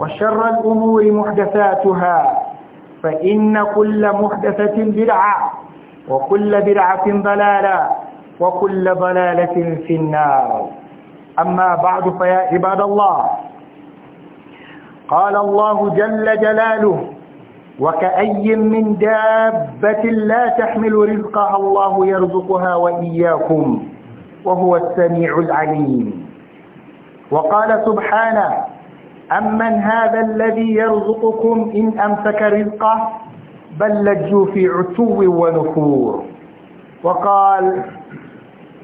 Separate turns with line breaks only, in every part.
وشر الأمور محدثاتها فإن كل محدثة بدعة وكل برعة ضلالة وكل ضلالة في النار أما بعد فيا عباد الله قال الله جل جلاله وكأي من دابة لا تحمل رزقها الله يرزقها وإياكم وهو السميع العليم وقال سبحانه أمن هذا الذي يرزقكم إن أمسك رزقه بل لجوا في عتو ونفور وقال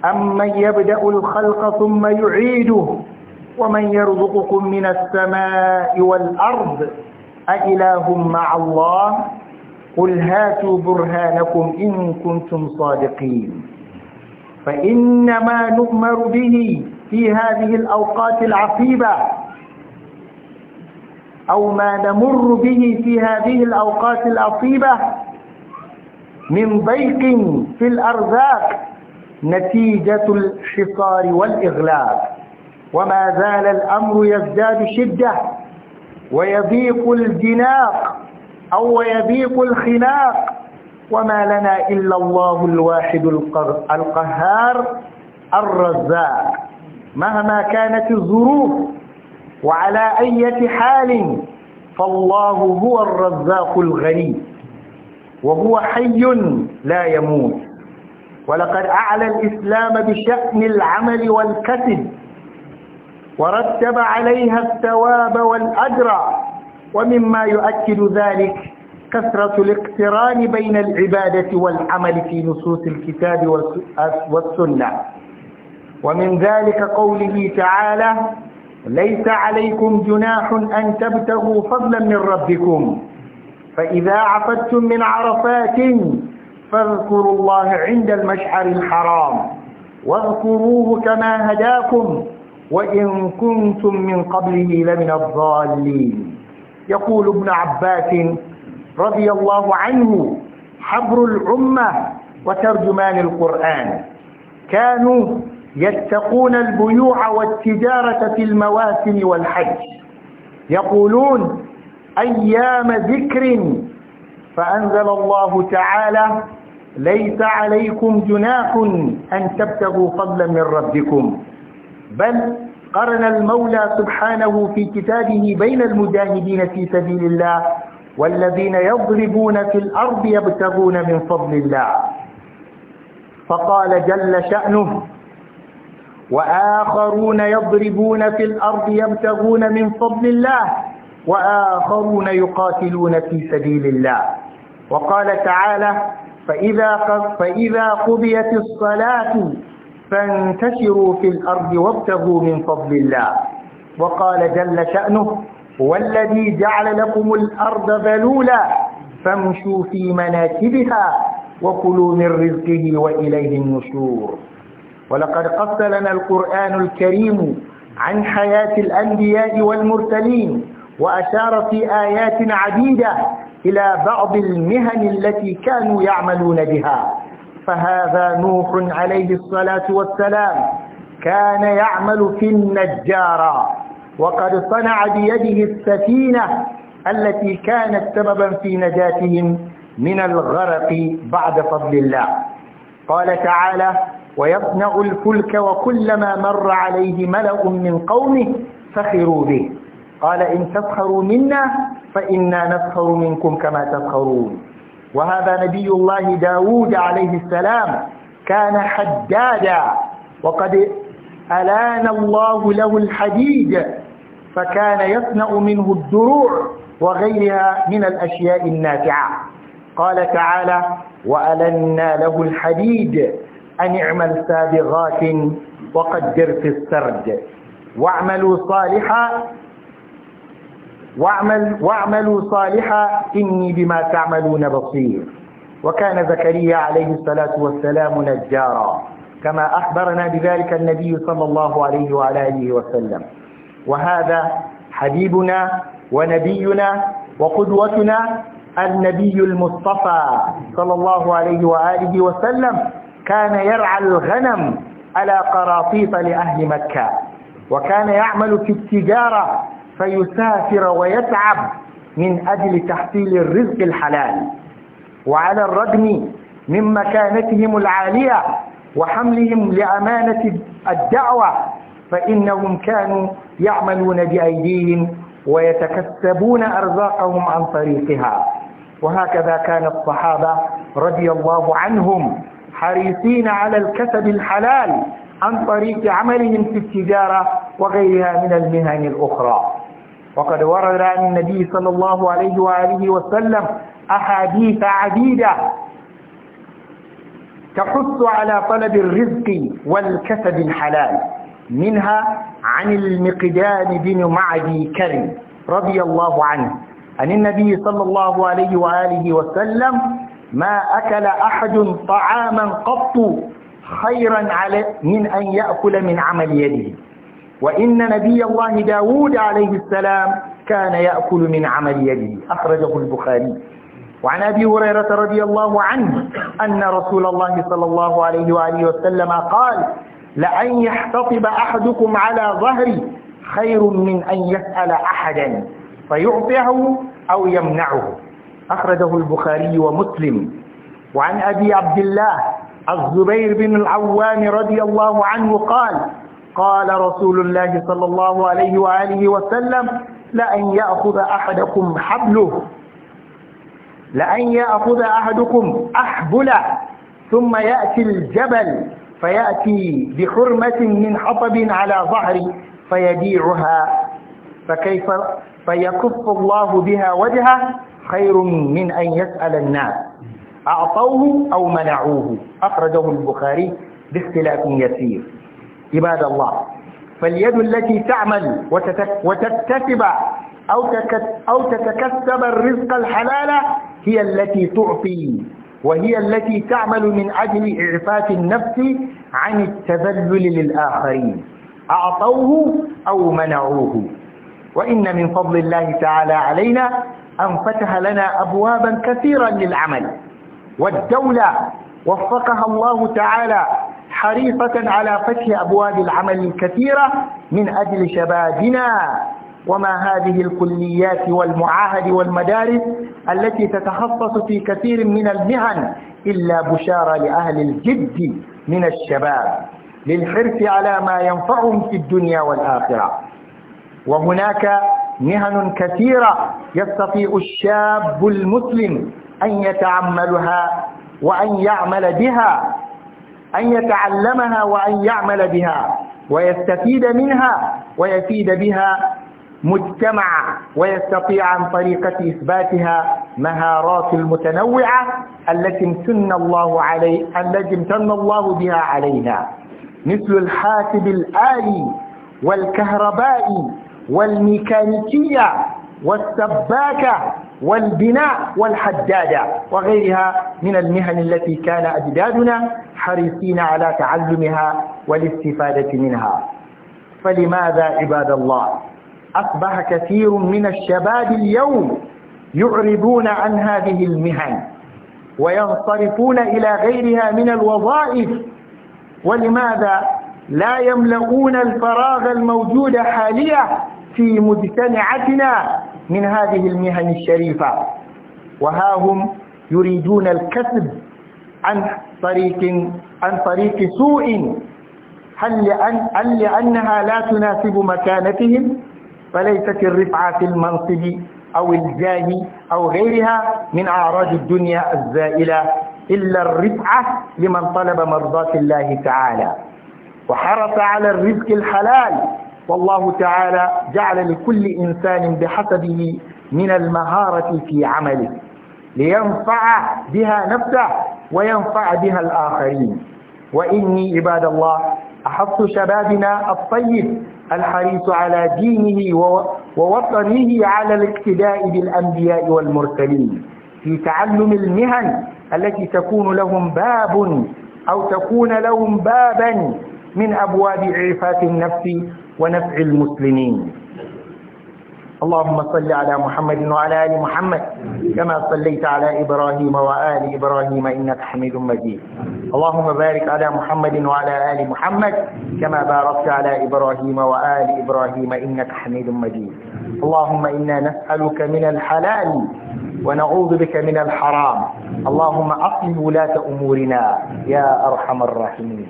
أمن يبدأ الخلق ثم يعيده ومن يرزقكم من السماء والأرض أإله مع الله قل هاتوا برهانكم إن كنتم صادقين فإنما نؤمر به في هذه الأوقات العصيبة أو ما نمر به في هذه الأوقات الأصيبة من ضيق في الأرزاق نتيجة الحصار والإغلاق وما زال الأمر يزداد شدة ويضيق الجناق أو يضيق الخناق وما لنا إلا الله الواحد القهار الرزاق مهما كانت الظروف وعلى أي حال فالله هو الرزاق الغني وهو حي لا يموت ولقد أعلى الإسلام بشأن العمل والكسب ورتب عليها الثواب والأجر ومما يؤكد ذلك كثرة الاقتران بين العبادة والعمل في نصوص الكتاب والسنة ومن ذلك قوله تعالى ليس عليكم جناح أن تبتغوا فضلا من ربكم فإذا عفتم من عرفات فاذكروا الله عند المشعر الحرام واذكروه كما هداكم وإن كنتم من قبله لمن الضالين يقول ابن عباس رضي الله عنه حبر الأمة وترجمان القرآن كانوا يتقون البيوع والتجارة في المواسم والحج يقولون أيام ذكر فأنزل الله تعالى ليس عليكم جناح أن تبتغوا فضلا من ربكم بل قرن المولى سبحانه في كتابه بين المجاهدين في سبيل الله والذين يضربون في الأرض يبتغون من فضل الله فقال جل شأنه وآخرون يضربون في الأرض يبتغون من فضل الله وآخرون يقاتلون في سبيل الله وقال تعالى فإذا, فإذا قضيت الصلاة فانتشروا في الأرض وابتغوا من فضل الله وقال جل شأنه والذي جعل لكم الأرض ذلولا فامشوا في مناكبها وكلوا من رزقه وإليه النشور ولقد قص لنا القرآن الكريم عن حياة الأنبياء والمرسلين وأشار في آيات عديدة إلى بعض المهن التي كانوا يعملون بها فهذا نوح عليه الصلاة والسلام كان يعمل في النجارة وقد صنع بيده السفينة التي كانت سببا في نجاتهم من الغرق بعد فضل الله قال تعالى ويصنع الفلك وكلما مر عليه ملأ من قومه سخروا به قال إن تسخروا منا فإنا نسخر منكم كما تسخرون وهذا نبي الله داود عليه السلام كان حدادا وقد ألان الله له الحديد فكان يصنع منه الدروع وغيرها من الأشياء النافعة قال تعالى وألنا له الحديد أن اعمل سابغات وقدر في السرد واعملوا صالحا واعمل واعملوا صالحا إني بما تعملون بصير وكان زكريا عليه الصلاة والسلام نجارا كما أخبرنا بذلك النبي صلى الله عليه وعلى آله وسلم وهذا حبيبنا ونبينا وقدوتنا النبي المصطفى صلى الله عليه وآله وسلم كان يرعى الغنم على قراطيط لأهل مكة وكان يعمل في التجارة فيسافر ويتعب من أجل تحصيل الرزق الحلال وعلى الرغم من مكانتهم العالية وحملهم لأمانة الدعوة فإنهم كانوا يعملون بأيديهم ويتكسبون أرزاقهم عن طريقها وهكذا كان الصحابة رضي الله عنهم حريصين على الكسب الحلال عن طريق عملهم في التجارة وغيرها من المهن الأخرى وقد ورد عن النبي صلى الله عليه وآله وسلم أحاديث عديدة تحث على طلب الرزق والكسب الحلال منها عن المقدام بن معدي كرم رضي الله عنه عن النبي صلى الله عليه وآله وسلم ما أكل أحد طعاما قط خيرا على من أن يأكل من عمل يده وإن نبي الله داود عليه السلام كان يأكل من عمل يده أخرجه البخاري وعن أبي هريرة رضي الله عنه أن رسول الله صلى الله عليه وآله وسلم قال لأن يحتطب أحدكم على ظهري خير من أن يسأل أحدا فيعطيه أو يمنعه أخرجه البخاري ومسلم وعن أبي عبد الله الزبير بن العوام رضي الله عنه قال قال رسول الله صلى الله عليه وآله وسلم لأن يأخذ أحدكم حبله لأن يأخذ أحدكم أحبله ثم يأتي الجبل فيأتي بحرمة من حطب على ظهره فيبيعها فكيف فيكف الله بها وجهه خير من أن يسأل الناس أعطوه أو منعوه أخرجه البخاري باختلاف يسير عباد الله فاليد التي تعمل وتكتسب أو تتكسب الرزق الحلال هي التي تعطي وهي التي تعمل من أجل إعفاف النفس عن التذلل للآخرين أعطوه أو منعوه وإن من فضل الله تعالى علينا أن فتح لنا أبوابا كثيرا للعمل والدولة وفقها الله تعالى حريصة على فتح أبواب العمل الكثيرة من أجل شبابنا وما هذه الكليات والمعاهد والمدارس التي تتخصص في كثير من المهن إلا بشارة لأهل الجد من الشباب للحرص على ما ينفعهم في الدنيا والآخرة وهناك مهن كثيرة يستطيع الشاب المسلم أن يتعملها وأن يعمل بها أن يتعلمها وأن يعمل بها ويستفيد منها ويفيد بها مجتمع ويستطيع عن طريقة إثباتها مهارات المتنوعة التي امتن الله عليه التي امتن الله بها علينا مثل الحاسب الآلي والكهربائي والميكانيكية والسباكة والبناء والحدادة وغيرها من المهن التي كان أجدادنا حريصين على تعلمها والاستفادة منها فلماذا عباد الله أصبح كثير من الشباب اليوم يعرضون عن هذه المهن وينصرفون إلى غيرها من الوظائف ولماذا لا يملؤون الفراغ الموجود حاليا في مجتمعتنا من هذه المهن الشريفة وها هم يريدون الكسب عن طريق عن طريق سوء هل لأن هل لأنها لا تناسب مكانتهم فليست الرفعة في المنصب أو الجاه أو غيرها من أعراض الدنيا الزائلة إلا الرفعة لمن طلب مرضاة الله تعالى وحرص على الرزق الحلال والله تعالى جعل لكل إنسان بحسبه من المهارة في عمله لينفع بها نفسه وينفع بها الآخرين وإني عباد الله أحط شبابنا الطيب الحريص على دينه ووطنه على الاقتداء بالأنبياء والمرسلين في تعلم المهن التي تكون لهم باب أو تكون لهم بابا من أبواب عرفات النفس ونفع المسلمين اللهم صل على محمد وعلى آل محمد كما صليت على إبراهيم وآل إبراهيم إنك حميد مجيد اللهم بارك على محمد وعلى آل محمد كما باركت على إبراهيم وآل إبراهيم إنك حميد مجيد اللهم إنا نسألك من الحلال ونعوذ بك من الحرام اللهم أصلح ولاة أمورنا يا أرحم الراحمين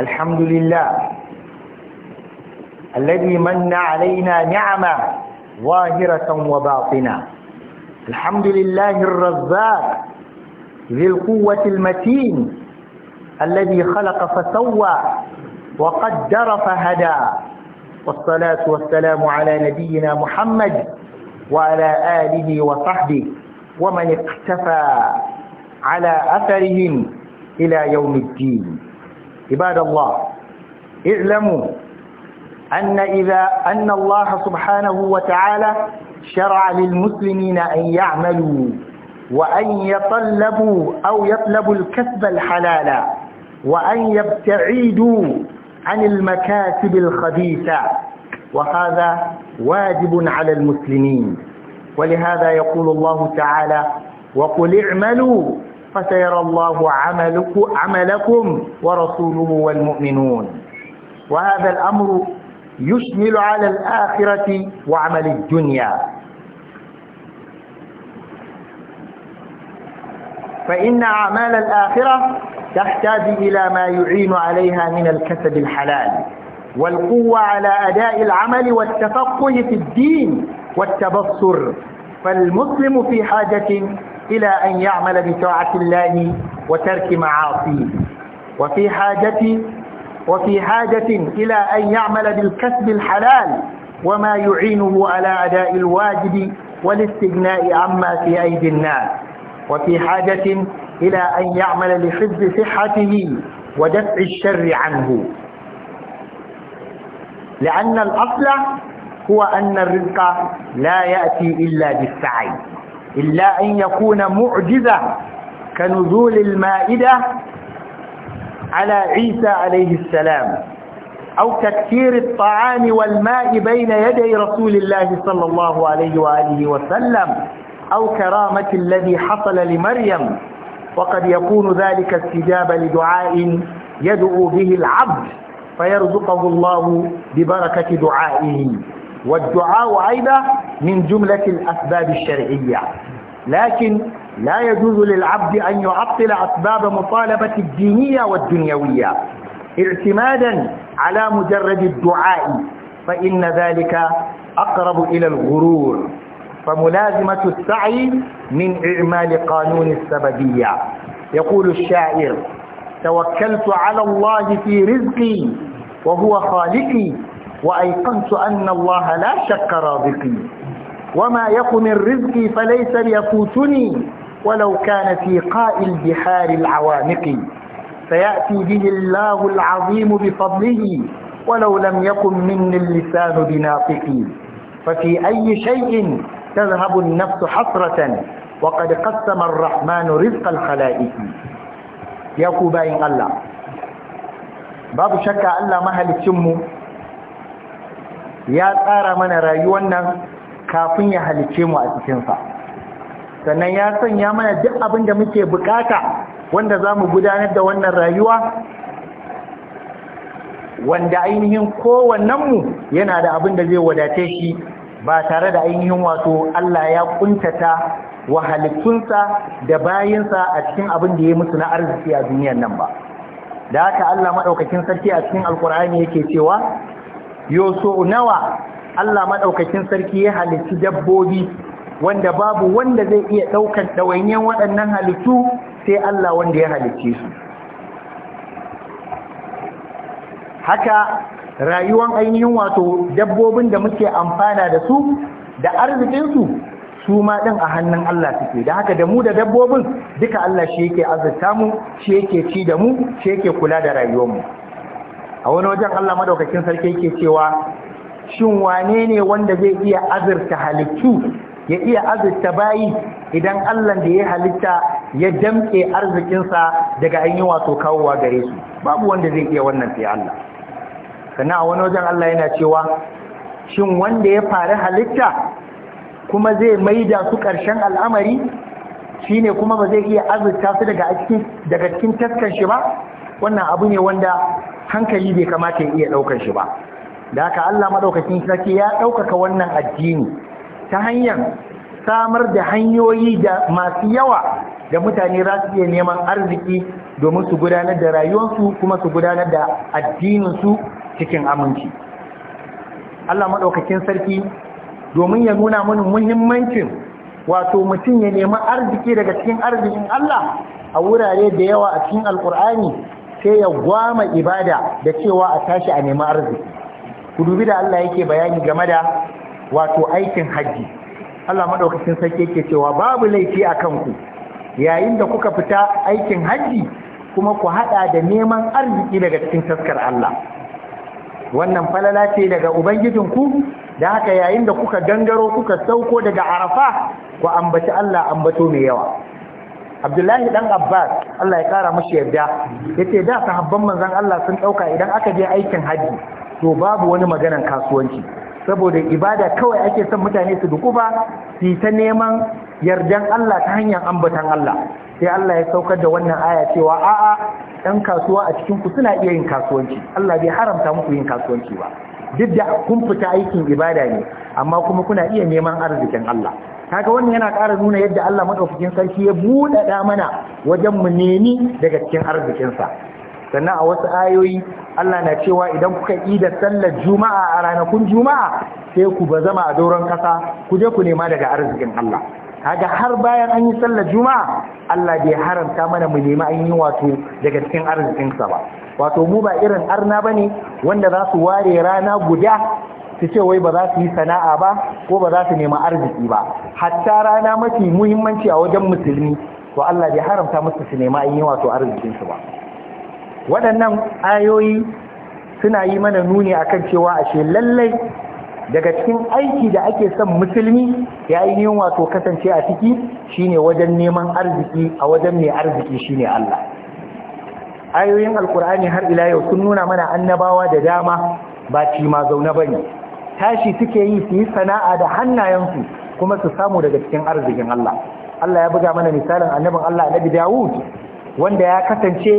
الحمد لله الذي من علينا نعمة ظاهرة وباطنة الحمد لله الرزاق ذي القوة المتين الذي خلق فسوى وقدر فهدى والصلاة والسلام على نبينا محمد وعلى آله وصحبه ومن اقتفى على أثرهم إلى يوم الدين عباد الله اعلموا أن إذا أن الله سبحانه وتعالى شرع للمسلمين أن يعملوا وأن يطلبوا أو يطلبوا الكسب الحلال وأن يبتعدوا عن المكاسب الخبيثة وهذا واجب على المسلمين ولهذا يقول الله تعالى وقل اعملوا فسيرى الله عملكم ورسوله والمؤمنون وهذا الأمر يشمل على الآخرة وعمل الدنيا فإن أعمال الآخرة تحتاج إلى ما يعين عليها من الكسب الحلال والقوة على أداء العمل والتفقه في الدين والتبصر فالمسلم في حاجة إلى أن يعمل بطاعة الله وترك معاصيه وفي حاجة وفي حاجة إلى أن يعمل بالكسب الحلال وما يعينه على أداء الواجب والاستغناء عما في أيدي الناس وفي حاجة إلى أن يعمل لحفظ صحته ودفع الشر عنه لأن الأصل هو أن الرزق لا يأتي إلا بالسعي إلا أن يكون معجزة كنزول المائدة على عيسى عليه السلام أو تكثير الطعام والماء بين يدي رسول الله صلى الله عليه وآله وسلم أو كرامة الذي حصل لمريم وقد يكون ذلك استجابة لدعاء يدعو به العبد فيرزقه الله ببركة دعائه والدعاء أيضا من جملة الأسباب الشرعية لكن لا يجوز للعبد أن يعطل أسباب مطالبة الدينية والدنيوية اعتمادا على مجرد الدعاء فإن ذلك أقرب إلى الغرور فملازمة السعي من إعمال قانون السببية يقول الشاعر توكلت على الله في رزقي وهو خالقي وأيقنت أن الله لا شك رازقي وما يقم رزقي فليس ليفوتني ولو كان في قاء البحار العوامق فيأتي به الله العظيم بفضله ولو لم يكن مني اللسان بناطقي ففي أي شيء تذهب النفس حسرة وقد قسم الرحمن رزق الخلائق يا كوباين الله babu shakka Allah mahalicinmu ya tsara mana rayuwar nan kafin ya halice mu a cikinsa sannan ya sanya mana duk abin da muke bukata wanda za mu gudanar da wannan rayuwa wanda ainihin kowannenmu yana da abin da zai wadace shi ba tare da ainihin wato Allah ya kuntata wa da bayinsa a cikin abin da ya musu na arziki a duniyar nan ba da haka Allah maɗaukakin sarki a cikin alkur'ani yake cewa yoso nawa Allah maɗaukakin sarki ya halitti dabbobi wanda babu wanda zai iya ɗaukan ɗawainiyar waɗannan halittu sai Allah wanda ya halicce su haka rayuwan ainihin wato dabbobin da muke amfana da su da arzikinsu su ma ɗin a hannun Allah suke da haka da mu da dabbobin duka Allah shi yake azurta mu shi yake ci da mu shi yake kula da rayuwarmu a wani wajen Allah madaukakin sarki yake cewa shin wane ne wanda zai iya azurta halittu ya iya azurta bayi idan Allah da ya halitta ya damke arzikinsa daga an yi wato kawowa gare su babu wanda zai iya wannan sai Allah sannan a wani wajen Allah yana cewa shin wanda ya fara halitta kuma zai maida su ƙarshen al'amari shi ne kuma ba zai iya azurta su daga cikin taskan shi ba wannan abu ne wanda hankali bai kamata ya iya ɗaukar shi ba da haka Allah maɗaukakin sarki ya ɗaukaka wannan addini ta hanyar samar da hanyoyi da masu yawa da mutane za su iya neman arziki domin su gudanar da rayuwarsu kuma su gudanar da addininsu cikin aminci Allah maɗaukakin sarki domin ya nuna mana muhimmancin wato mutum ya nemi arziki daga cikin arzikin Allah a wurare da yawa a cikin alkur'ani sai ya gwama ibada da cewa a tashi a nemi arziki ku dubi da Allah yake bayani game da wato aikin haji Allah madaukakin sarki yake cewa babu laifi a kanku yayin da kuka fita aikin haji kuma ku hada da neman arziki daga cikin taskar Allah wannan falala ce daga ubangijinku da haka yayin da kuka gangaro kuka sauko daga arafa ku ambaci Allah ambato mai yawa abdullahi dan abbas Allah ya kara mashi yarda ce da sahabban manzon Allah sun ɗauka idan aka je aikin hajji to babu wani maganan kasuwanci saboda ibada kawai ake son mutane su dukuba su ta neman yardan Allah ta hanyar ambatan Allah sai Allah ya saukar da wannan aya cewa a'a ɗan kasuwa a cikin ku suna iya yin kasuwanci Allah bai haramta muku yin kasuwanci ba duk da kun fita aikin ibada ne amma kuma kuna iya neman arzikin Allah kaga wannan yana ƙara nuna yadda Allah madaukakin sarki ya buɗaɗa mana wajen mu nemi daga cikin arzikinsa sannan a wasu ayoyi Allah na cewa idan kuka yi da sallar juma'a a ranakun juma'a sai ku bazama a doron kasa ku je ku nema daga arzikin Allah kaga har bayan an yi sallar juma'a Allah bai haramta mana mu nemi an yi wato daga cikin arzikinsa ba wato mu ba irin arna bane wanda za su ware rana guda su ce wai ba za su yi sana'a ba ko ba za su nema arziki ba hatta rana mafi muhimmanci a wajen musulmi to Allah bai haramta musu su nemi ainihin wato arzikin su ba waɗannan ayoyi suna yi mana nuni akan cewa ashe lallai daga cikin aiki da ake son musulmi ya ainihin wato kasance a ciki shine wajen neman arziki a wajen mai arziki shine Allah ayoyin alkur'ani har ila yau sun nuna mana annabawa da dama ba ci ma zaune bane tashi suke yi su yi sana'a da hannayensu kuma su samu daga cikin arzikin Allah Allah ya buga mana misalin annabin Allah annabi Dawud wanda ya kasance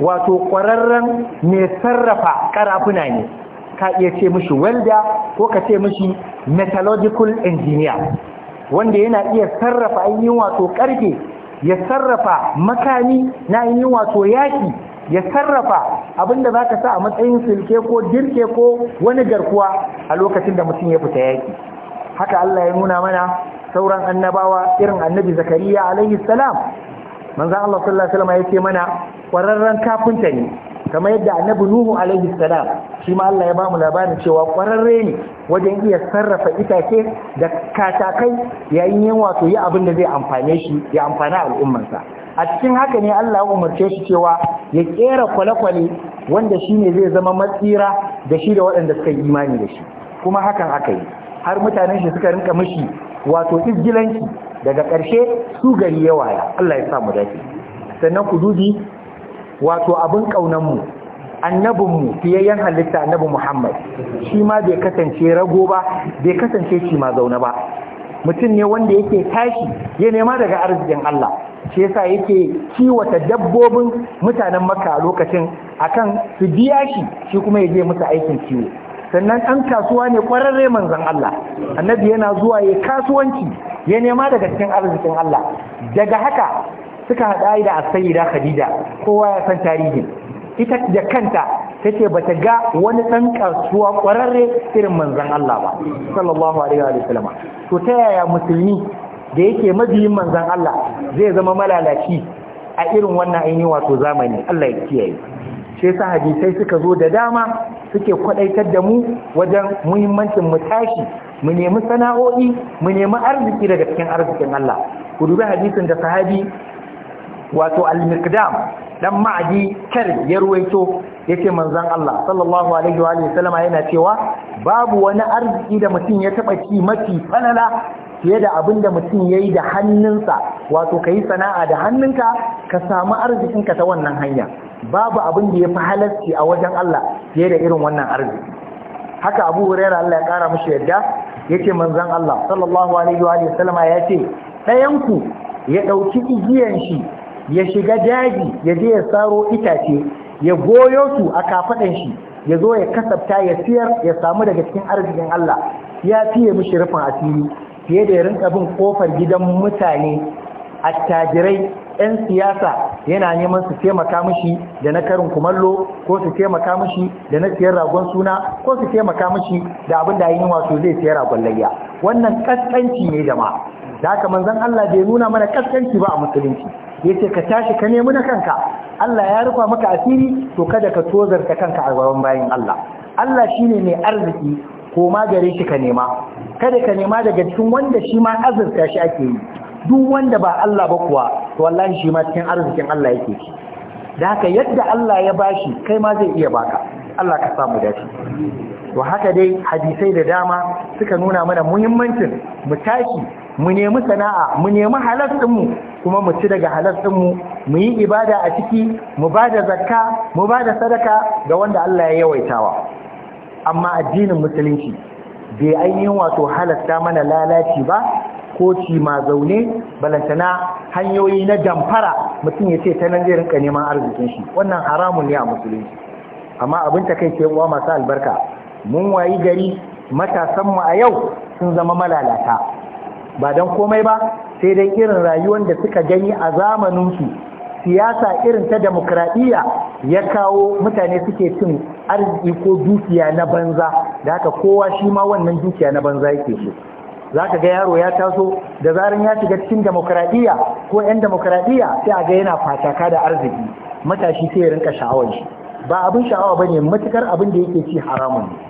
wato ƙwararren mai sarrafa ƙarafuna ne ka iya ce mishi welda ko ka ce mishi metallurgical engineer wanda yana iya sarrafa ainihin wato ƙarfe ya sarrafa makami na ainihin wato yaki ya sarrafa abin da za ka sa a matsayin silke ko dirke ko wani garkuwa a lokacin da mutum ya fita yaki haka Allah ya nuna mana sauran annabawa irin annabi zakariya alaihi salam manzan Allah sallallahu alaihi wasallam ya ce mana kwararren kafinta ne kamar yadda annabi nuhu alaihi salam shi ma Allah ya ba mu labarin cewa kwararre ne wajen iya sarrafa itace da katakai yayin yin wato yi abin da zai amfane shi ya amfana al'ummarsa a cikin haka ne Allah ya umarce shi cewa ya kera kwale-kwale wanda shi ne zai zama matsira da shi da waɗanda suka yi imani da shi kuma hakan aka yi har mutanen shi suka rinka mishi wato izgilanci daga ƙarshe su gari ya Allah ya sa mu dace sannan ku dubi wato abin kaunan mu annabin mu fiyayyen halitta annabi Muhammad shi ma bai kasance rago ba bai kasance shi ma zaune ba mutum ne wanda yake tashi ya nema daga arzikin Allah shi yasa yake kiwata dabbobin mutanen maka a lokacin akan su biya shi shi kuma ya je musu aikin kiwo sannan an kasuwa ne kwararre manzon Allah annabi yana zuwa ya kasuwanci ya nema daga cikin arzikin Allah daga haka suka haɗa da asayida khadija kowa ya san tarihin ita da kanta ta ce ba ta ga wani ɗan kasuwa ƙwararre irin manzan Allah ba sallallahu alaihi wa sallam to ta yaya musulmi da yake mabiyin manzan Allah zai zama malalaci a irin wannan aini wato zamani Allah ya kiyaye shi yasa hadisai suka zo da dama suke kwadaitar da mu wajen muhimmancin mu tashi mu nemi sana'o'i mu nemi arziki daga cikin arzikin Allah ku dubi hadisin da sahabi wato al-miqdam dan ma'adi kar ya ruwaito yace manzon Allah sallallahu alaihi wa sallama yana cewa babu wani arziki da mutum ya taba ci mafi falala fiye da abinda mutum yayi da hannunsa wato kai sana'a da hannunka ka samu arzikinka ta wannan hanya babu abin da yafi halarci a wajen Allah fiye da irin wannan arziki haka Abu Hurairah Allah ya kara mishi yadda yace manzon Allah sallallahu alaihi wa sallama yace dayan ku ya dauki igiyan shi ya shiga daji ya je ya saro itace ya goyo su a kafaɗan shi ya zo ya kasafta ya siyar ya samu daga cikin arzikin Allah ya fiye mishi rufin asiri fiye da ya rinka bin kofar gidan mutane attajirai 'yan siyasa yana neman su taimaka mishi da na karin kumallo ko su taimaka mishi da na siyar ragon suna ko su taimaka mishi da abin da yin wato zai siyar ragon layya wannan kaskanci ne jama'a da haka manzon Allah bai nuna mana kaskanci ba a musulunci Ya ce ka tashi ka nemi na kanka Allah ya rufa maka asiri to kada ka tozarta kanka a gaban bayin Allah Allah shine mai arziki ko ma gare shi ka nema kada ka nema daga cikin wanda shi ma azurta shi ake yi duk wanda ba Allah ba kuwa to wallahi shi ma cikin arzikin Allah yake shi da haka yadda Allah ya bashi kai ma zai iya baka Allah ka samu dashi to haka dai hadisai da dama suka nuna mana muhimmancin mu tashi mu nemi sana'a mu nemi halas ɗinmu kuma mu ci daga halas ɗinmu mu yi ibada a ciki mu bada da zakka mu ba da sadaka ga wanda Allah ya yawaitawa amma addinin musulunci bai ainihin wato halasta mana lalaci ba ko ci ma zaune balantana hanyoyi na damfara mutum ya ce ta nan zai rinka neman arzikin shi wannan haramun ne a musulunci amma abin ta kai uwa masu albarka mun wayi gari matasanmu a yau sun zama malalata ba don komai ba sai dai irin rayuwar da suka gani a zamaninsu siyasa irin ta demokradiyya ya kawo mutane suke cin arziki ko dukiya na banza da haka kowa shi ma wannan dukiya na banza yake so za ka ga yaro ya taso da zarin ya shiga cikin demokradiyya ko 'yan demokradiyya sai a ga yana fataka da arziki matashi sai ya rinka sha'awar shi ba abin sha'awa bane, ne matukar abin da yake ci haramun ne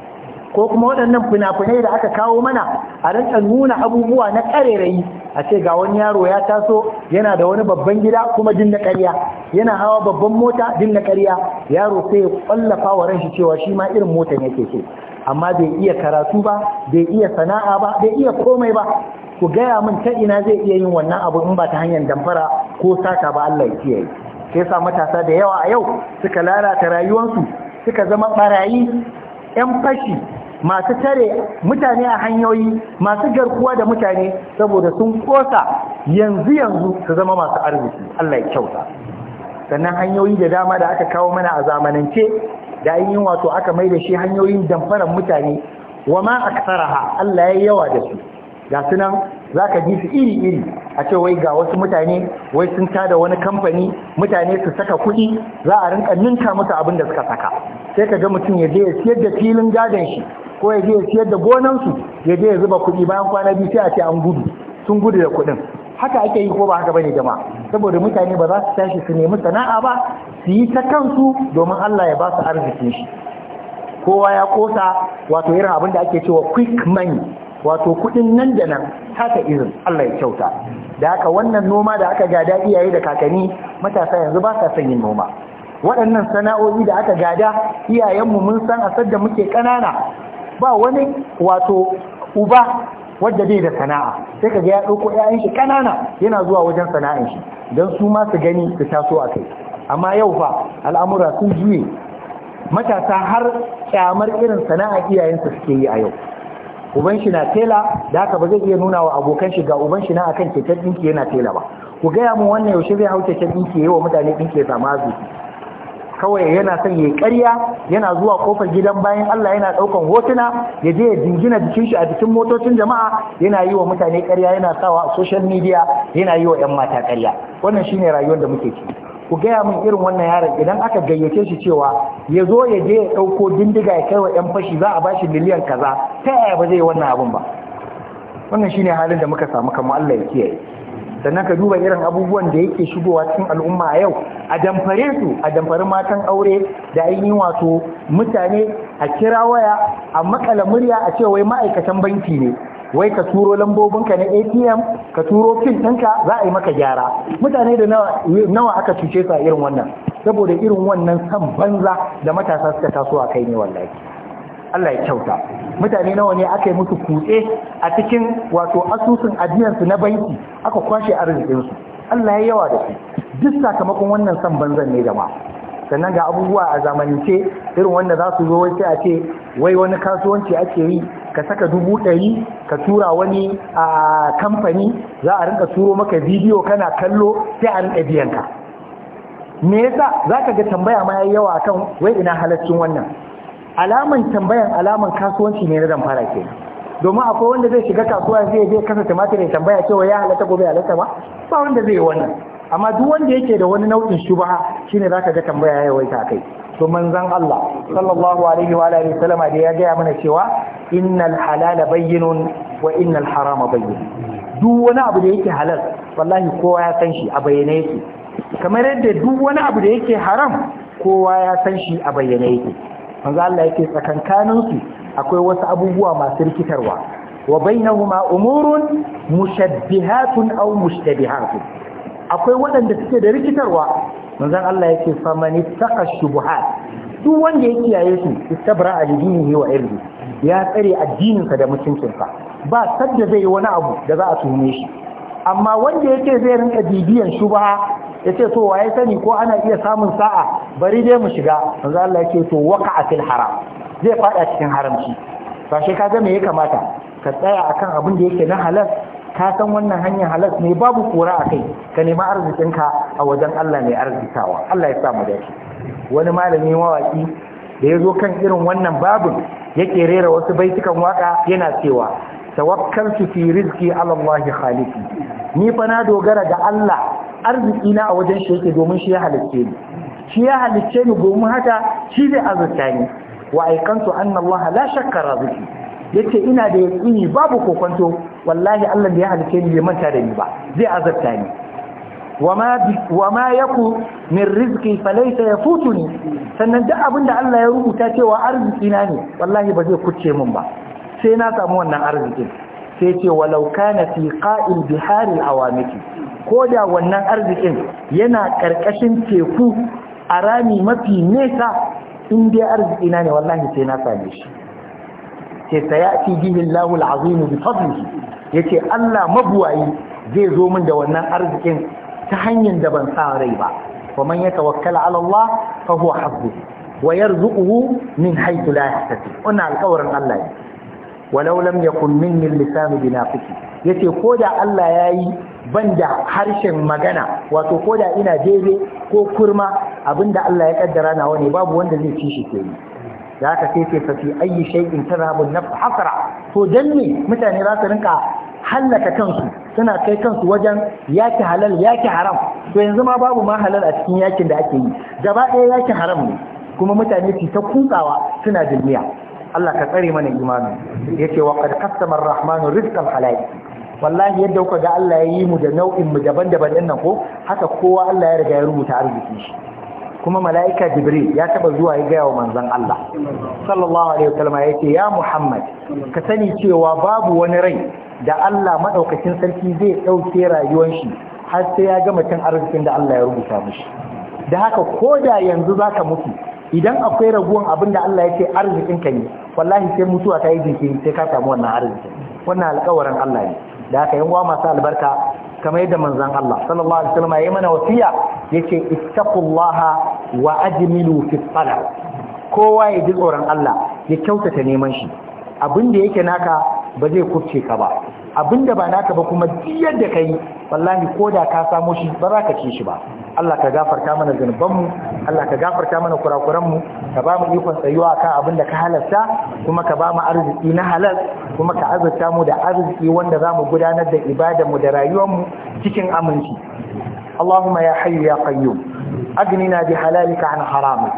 ko kuma waɗannan fina-finai da aka kawo mana a rantsar nuna abubuwa na ƙarerayi a ce ga wani yaro ya taso yana da wani babban gida kuma din na ƙarya yana hawa babban mota din na ƙarya yaro sai ya ƙwallafa wa ranshi cewa shi ma irin motan yake keke. amma bai iya karatu ba bai iya sana'a ba bai iya komai ba ku gaya min ta ina zai iya yin wannan abu in ba ta hanyar damfara ko sata ba Allah ya kiyaye sai sa matasa da yawa a yau suka lalata rayuwarsu suka zama barayi 'yan fashi masu tare mutane a hanyoyi masu garkuwa da mutane saboda sun kosa yanzu yanzu su zama masu arziki Allah ya kyauta sannan hanyoyi da dama da aka kawo mana a zamanance da an yi wato aka mai da shi hanyoyin damfarar mutane wa ma aksaraha Allah ya yi yawa da su ga sunan za ka ji su iri-iri a ce wai ga wasu mutane wai sun tada wani kamfani mutane su saka kuɗi za a rinka ninka musu abin da suka saka sai ka ga mutum ya je ya siyar da filin gadon shi ko ya je ya siyar da gonansu ya je ya zuba kuɗi bayan kwana biyu sai a ce an gudu sun gudu da kuɗin haka ake yi ko ba haka bane jama'a saboda mutane ba za su tashi su nemi sana'a ba su yi ta kansu domin Allah ya ba su arzikin shi kowa ya kosa wato irin abin da ake cewa quick money wato kudin nan da nan haka irin Allah ya kyauta da haka wannan noma da aka gada iyaye da kakanni matasa yanzu ba sa son yin noma waɗannan sana'o'i da aka gada iyayenmu mun san a da muke ƙanana ba wani wato uba wadda bai da sana'a sai ka ga ya ɗauko 'ya'yan shi ƙanana yana zuwa wajen sana'an shi don su ma su gani su taso a kai amma yau fa al'amura sun juye matasa har kyamar irin sana'a iyayensu suke yi a yau uban shi na tela da haka ba zai iya nuna wa abokan shi ga uban shi na akan keken dinki yana tela ba ku gaya mu wannan yaushe zai hau keken dinki yayi wa mutane dinki ya samu kawai yana son yayi ƙarya yana zuwa kofar gidan bayan Allah yana ɗaukan hotuna ya je ya jingina jikin shi a jikin motocin jama'a yana yi wa mutane ƙarya yana sawa a social media yana yi wa 'yan mata ƙarya wannan shine rayuwar da muke ciki ku gaya min irin wannan yaron idan aka gayyace shi cewa ya zo ya je ya ɗauko dindiga ya kai wa 'yan fashi za a bashi miliyan kaza ta yaya ba zai yi wannan abin ba wannan shine halin da muka samu kamar Allah ya kiyaye sannan ka duba irin abubuwan da yake shigowa cikin al'umma a yau a damfare su a damfari matan aure da ainihin wato mutane a kira waya a makala murya a ce wai ma'aikatan banki ne wai ka turo lambobinka na atm ka turo pin ɗinka za a yi maka gyara mutane da nawa aka cuce su a irin wannan saboda irin wannan san banza da matasa suka taso a kai ne wallahi Allah ya kyauta mutane nawa ne aka yi musu kutse a cikin wato asusun ajiyarsu na banki aka kwashe arzikinsu Allah ya yawa da su duk sakamakon wannan san banzan ne ma sannan ga abubuwa a zamanin ce irin wanda za su zo wai sai a ce wai wani kasuwanci ake yi ka saka dubu ɗari ka tura wani a kamfani za a rinka turo maka bidiyo kana kallo sai a rinka biyan ka me yasa za ka ga tambaya ma yayi yawa kan wai ina halaccin wannan alaman tambayan alaman kasuwanci ne na fara kenan domin akwai wanda zai shiga kasuwa zai je kasa tumatir ya tambaya cewa ya halatta gobe halatta ba ba wanda zai yi wannan amma duk wanda yake da wani nau'in shubaha shine ka ga tambaya ya yawaita kai to manzon Allah sallallahu alaihi wa alihi da ya gaya mana cewa innal halala bayyinun wa innal harama bayyin duk wani abu da yake halal wallahi kowa ya san shi a bayyane yake kamar yadda duk wani abu da yake haram kowa ya san shi a bayyane yake manzo Allah yake tsakankanin su akwai wasu abubuwa masu rikitarwa wa bainahuma umurun mushabbihatun aw mushtabihatun akwai waɗanda suke da rikitarwa manzon Allah yake fa man shubuhat duk wanda ya kiyaye su istabra al-dinihi wa irdi ya tsare addininsa da mutuncinsa ba sadda zai yi wani abu da za a tuhume shi amma wanda yake zai rinka bibiyan shubha yace to waye sani ko ana iya samun sa'a bari dai mu shiga manzan Allah yake to waqa'a fil haram zai fada cikin haramci ba shi kaga me ya kamata ka tsaya akan abin da yake na halal ka san wannan hanyar halas ne babu kura a kai ka nema arzikinka a wajen Allah mai arzikawa Allah ya sa mu dace wani malami mawaki da ya zo kan irin wannan babin yake rera wasu baitukan waka yana cewa tawakkaltu fi rizqi ala Allah khaliqi ni fa na dogara ga Allah arziki na a wajen shi yake domin shi ya halicce ni shi ya halicce ni domin haka shi zai azurta ni wa aikantu anna Allah la shakka rizqi yake ina da yaƙini babu kokonto wallahi Allah da ya halice ni bai manta da ni ba zai azabta ni wama wama yaku min rizqi laysa yafutuni sannan duk abinda Allah ya rubuta cewa arziki na ne wallahi ba zai kuce min ba sai na samu wannan arzikin sai ce walau kana fi qa'il bihari awamiki ko da wannan arzikin yana karkashin teku a rami mafi nesa in dai arziki na ne wallahi sai na same shi ce sayati bihi Allahu al-azim bi fadlihi yace Allah mabuwayi zai zo min da wannan arzikin ta hanyar da ban sa rai ba wa man yatawakkala ala Allah fa huwa hasbuh wa yarzuquhu min haythu la yahtasib wannan alƙawarin Allah ne walau lam yakun minni lisanu binafiki yace ko da Allah yayi banda harshen magana wato ko da ina jebe ko kurma abinda Allah ya kaddara nawa ne babu wanda zai ci shi Za ka sai ce fafi ayi shay'in tadhabu an-nafs to dan ne mutane za su rinka hallaka kansu suna kai kansu wajen yaki halal yaki haram to yanzu ma babu ma halal a cikin yakin da ake yi gaba ɗaya yakin haram ne kuma mutane su ta kutsawa suna dulmiya Allah ka tsare mana imanin yace wa qad qasama ar-rahmanu rizqal halal wallahi yadda kuka ga Allah ya yi mu da nau'in mu daban-daban ɗin nan ko haka kowa Allah ya riga ya rubuta arziki shi kuma mala'ika jibril ya taba zuwa ya gaya wa manzon Allah sallallahu alaihi wasallam ya ce ya Muhammad ka sani cewa babu wani rai da Allah maɗaukacin sarki zai ɗauke rayuwar shi har sai ya gama cin arzikin da Allah ya rubuta mushi da haka ko da yanzu zaka mutu idan akwai raguwan abin da Allah ya ce arzikin ka ne wallahi sai mutuwa ta yi jinkiri sai ka samu wannan arzikin wannan alƙawarin Allah ne da haka yan masu albarka kamar yadda manzon Allah sallallahu alaihi wasallam yayi mana wasiya yace ittaqullaha wa ajmilu fi kowa ya ji tsoron Allah ya kyautata neman shi abinda yake naka ba zai kufce ka ba abinda ba naka ba kuma duk yadda kai wallahi koda ka samo shi ba za ka ci shi ba Allah ka gafarta mana mu. Allah ka gafarta mana kurakuranmu ka ba mu ikon tsayuwa kan abin da ka halarta kuma ka ba mu arziki na halal kuma ka azurta mu da arziki wanda za mu gudanar da ibadarmu da rayuwarmu cikin aminci Allahumma ya hayyu ya qayyum أغننا بحلالك عن حرامك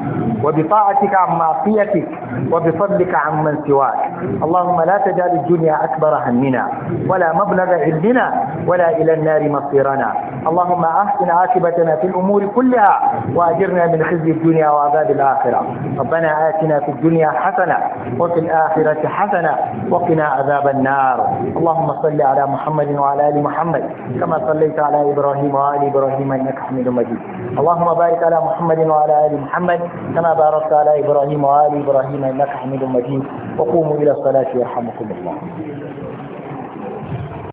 وبطاعتك عن معصيتك وبفضلك عن من سواك اللهم لا تجعل الدنيا أكبر همنا ولا مبلغ علمنا ولا إلى النار مصيرنا اللهم أحسن عاقبتنا في الأمور كلها وأجرنا من خزي الدنيا وعذاب الآخرة ربنا آتنا في الدنيا حسنة وفي الآخرة حسنة وقنا عذاب النار اللهم صل على محمد وعلى آل محمد كما صليت على إبراهيم وآل إبراهيم إنك حميد مجيد اللهم بارك على محمد وعلى آل محمد كما باركت على إبراهيم وآل إبراهيم إنك حميد مجيد وقوموا إلى الصلاة يرحمكم الله